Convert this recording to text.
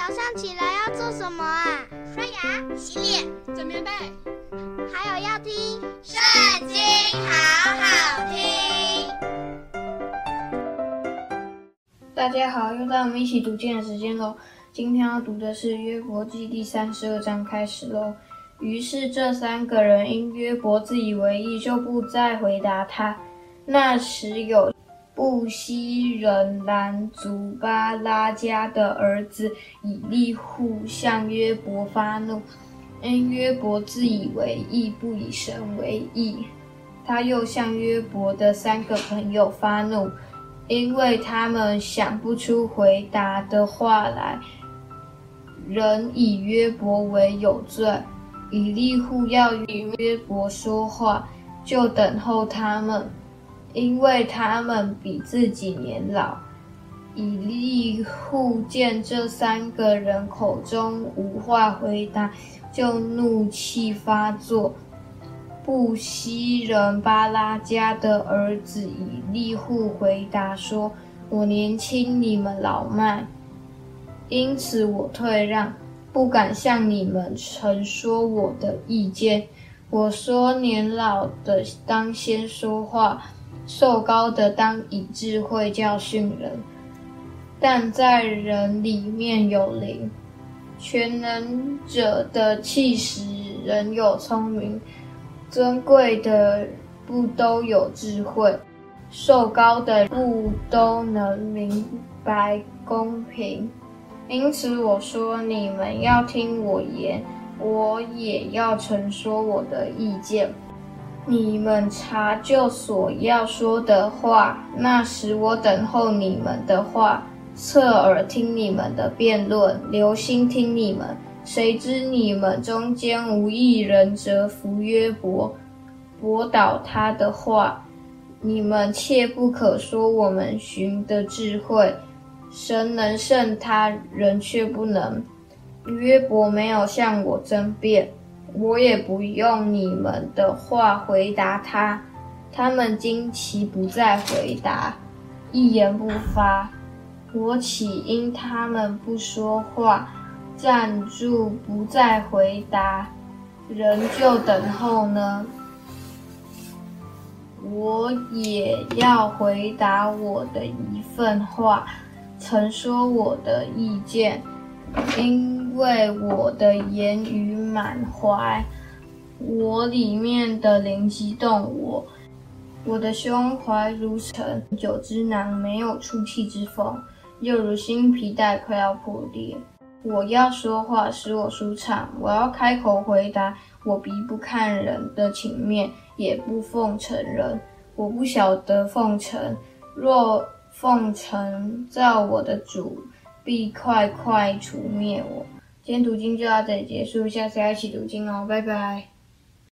早上起來要做什麼啊？刷牙、洗臉、整棉被，還有要聽《聖經》，好好聽。大家好，又到我們一起讀經的時間嘍。今天要讀的是《約伯記》第三十二章開始嘍。於是這三個人，因約伯自以為義，就不再回答他。那時有布西人蘭族巴拉迦的兒子以利戶向約伯發怒，因約伯自以為義，不以神為義。他又向約伯的三個朋友發怒，因為他們想不出回答的話來，仍以約伯為有罪，以利戶要與約伯說話，就等候他們。因為他們比自己年老，以利戶見這三個人口中無話回答，就怒氣發作。布西人巴拉迦的兒子以利戶回答說：“我年輕，你們老邁，因此我退讓，不敢向你們陳說我的意見。我說年老的當先說話。”壽高的當以智慧教訓人，但在人裡面有靈，全能者的氣使人有聰明，尊貴的不都有智慧，壽高的不都能明白公平，因此我說，你們要聽我言，我也要陳說我的意見。你們查究所要說的話，那時我等候你們的話，側耳聽你們的辯論，留心聽你們。誰知你們中間無一人折服約伯，駁倒他的話。你們切不可說我們尋得智慧，神能勝他，人卻不能。約伯沒有向我爭辯。我也不用你們的話回答他，他們驚奇，不再回答，一言不發。我豈因他們不說話，站住，不再回答，仍舊等候呢？我也要回答我的一分話，陳說我的意見，因為我的言語滿懷，我裡面的靈激動我，我的胸懷如盛，酒之囊沒有出氣之縫，又如新皮袋快要破裂。我要說話使我舒暢，我要開口回答，我必不看人的情面，也不奉承人。我不曉得奉承，若奉承造我的主，必快快除滅我。今天讀經就到這裡結束，下次要一起讀經哦，拜拜。